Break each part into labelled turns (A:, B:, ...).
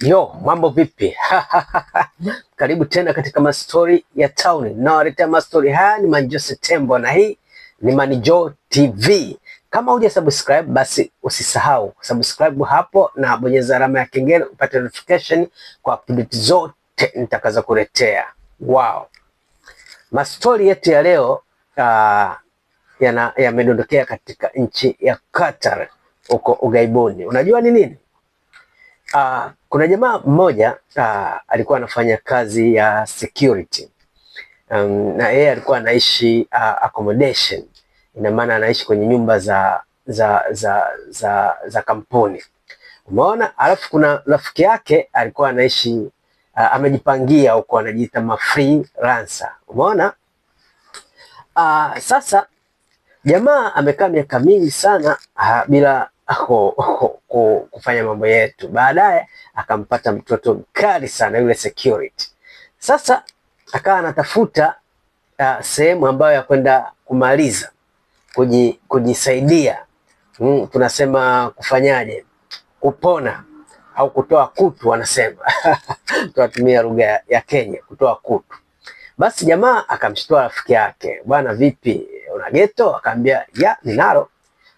A: Yo, mambo vipi? Karibu tena katika mastori ya town. Nawaletea mastori haya ni Manjose Tembo na hii ni Manjo TV. Kama huja subscribe basi usisahau subscribe hapo na bonyeza alama ya kengele upate notification kwa update zote nitakaza kuletea. Wow. Mastori yetu ya leo uh, yamedondokea katika nchi ya Qatar huko ugaibuni. Unajua ni nini? Uh, kuna jamaa mmoja uh, alikuwa anafanya kazi ya security um, na yeye alikuwa anaishi uh, accommodation, ina maana anaishi kwenye nyumba za za za za, za kampuni, umeona. Alafu kuna rafiki yake alikuwa anaishi uh, amejipangia huko, anajiita ma freelancer, umeona. Uh, sasa jamaa amekaa miaka mingi sana uh, bila kufanya mambo yetu. Baadaye akampata mtoto mkali sana yule security. Sasa akawa anatafuta uh, sehemu ambayo ya kwenda kumaliza kuji, kujisaidia mm, tunasema kufanyaje, kupona au kutoa kutu, wanasema tunatumia lugha ya Kenya, kutoa kutu. Basi jamaa akamshtua rafiki yake, bwana, vipi una geto? Akamwambia ya ninalo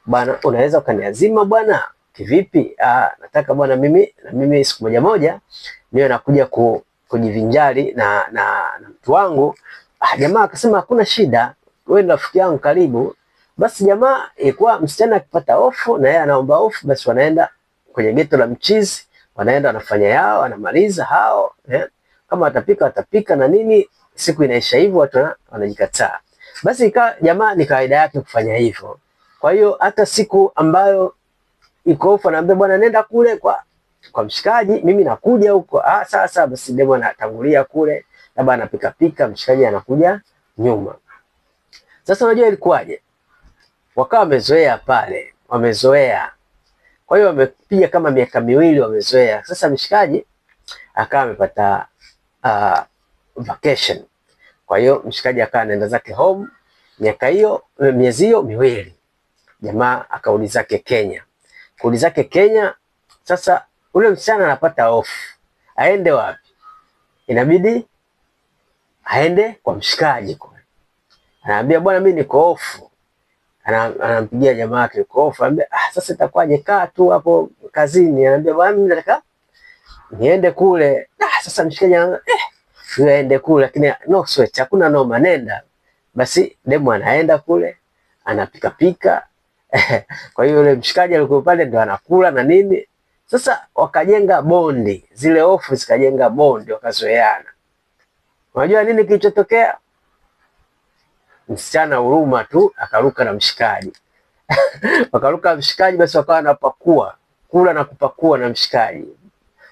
A: bwana, unaweza ukaniazima bwana kivipi? Ah, nataka bwana mimi na mimi siku moja moja niwe nakuja ku, kujivinjari na, na, na mtu wangu. Ah, jamaa akasema hakuna shida, wewe rafiki yangu karibu. Basi jamaa ilikuwa msichana akipata ofu na yeye anaomba ofu, basi wanaenda kwenye geto la mchizi, wanaenda wanafanya yao, wanamaliza hao eh? kama watapika watapika na nini, siku inaisha hivyo, watu wanajikataa. Basi ikawa jamaa ni kawaida yake kufanya hivyo. Kwa hiyo hata siku ambayo iko Ikofu anaambia bwana, nenda kule kwa kwa mshikaji, mimi nakuja huko. Ah, sawa sawa, basi demo anatangulia kule, labda anapika pika, mshikaji anakuja nyuma. Sasa unajua ilikuwaje? Wakawa wamezoea pale, wamezoea. Kwa hiyo wamepiga kama miaka miwili, wamezoea. Sasa mshikaji akawa amepata uh, vacation. Kwa hiyo mshikaji akawa anaenda zake home miaka hiyo, miezi hiyo miwili jamaa akauli zake Kenya, kauli zake Kenya. Sasa ule msichana anapata hofu, aende wapi? Inabidi aende kwa mshikaji kule, anaambia bwana, mimi niko hofu. Anampigia jamaa yake, niko hofu. Anambia ah, sasa itakuwaje? Kaa tu hapo kazini. Anambia bwana, mimi nataka niende kule. Ah, sasa mshikaji anambia eh, niende kule, lakini no sweat, hakuna noma, nenda basi. Demu anaenda kule, anapika pika. Kwa hiyo yule mshikaji alikuwa pale ndo anakula na nini. Sasa wakajenga bondi, zile ofu zikajenga bondi, wakazoeana. Unajua nini kilichotokea? Msichana huruma tu akaruka na mshikaji wakaruka mshikaji, basi wakawa napakua kula na kupakua na mshikaji,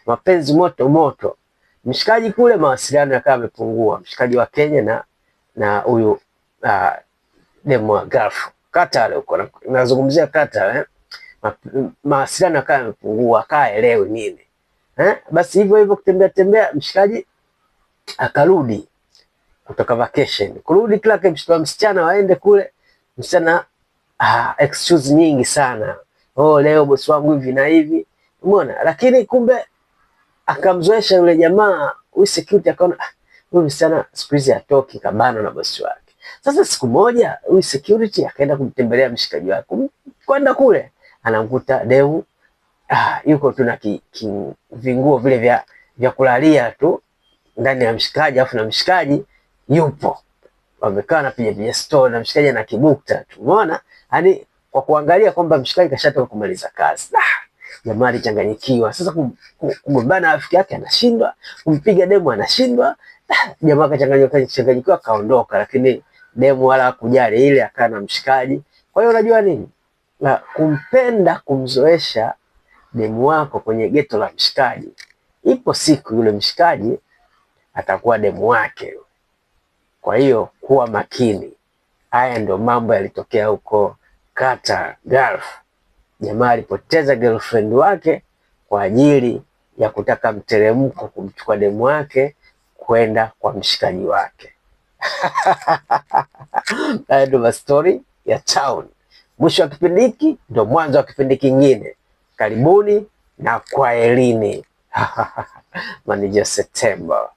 A: mapenzi moto moto. Mshikaji kule mawasiliano yakawa yamepungua, mshikaji wa Kenya na na huyu ah, demu wa Gulf Qatar huko, nazungumzia Qatar eh? mawasiliano akawa yamepungua, akawa haelewi nini eh? Basi hivyo hivyo kutembea tembea, mshikaji akarudi kutoka vacation, kurudi kila msichana waende kule, msichana ah, excuse nyingi sana oh, leo bosi wangu hivi na hivi, umeona. Lakini kumbe akamzoesha yule jamaa huyu security, akaona ah, huyu msichana siku hizi hatoki, kabana na bosi wake. Sasa siku moja huyu security akaenda kumtembelea mshikaji wake, kwenda kule anamkuta Devu ah, yuko tu na ki, ki vinguo vile vya, vya kulalia tu ndani ya mshikaji, afu na mshikaji yupo wamekaa na pia piga store na mshikaji na kibukta tu, umeona yani kwa kuangalia kwamba mshikaji kashatoka kumaliza kazi. Ah, jamaa alichanganyikiwa sasa, kugombana rafiki yake anashindwa, kumpiga demu anashindwa. Ah, jamaa kachanganyikiwa, kaondoka, lakini demu wala kujali ile, akaa na mshikaji. Kwa hiyo unajua nini na kumpenda kumzoesha demu wako kwenye geto la mshikaji, ipo siku yule mshikaji atakuwa demu wake. Kwa hiyo kuwa makini. Haya ndio mambo yalitokea huko Qatar Gulf. Jamaa alipoteza girlfriend wake kwa ajili ya kutaka mteremko kumchukua demu wake kwenda kwa mshikaji wake. Haya ndio mastori ya town. Mwisho wa kipindi hiki ndio mwanzo wa kipindi kingine. Karibuni na kwaherini. Manager Septemba.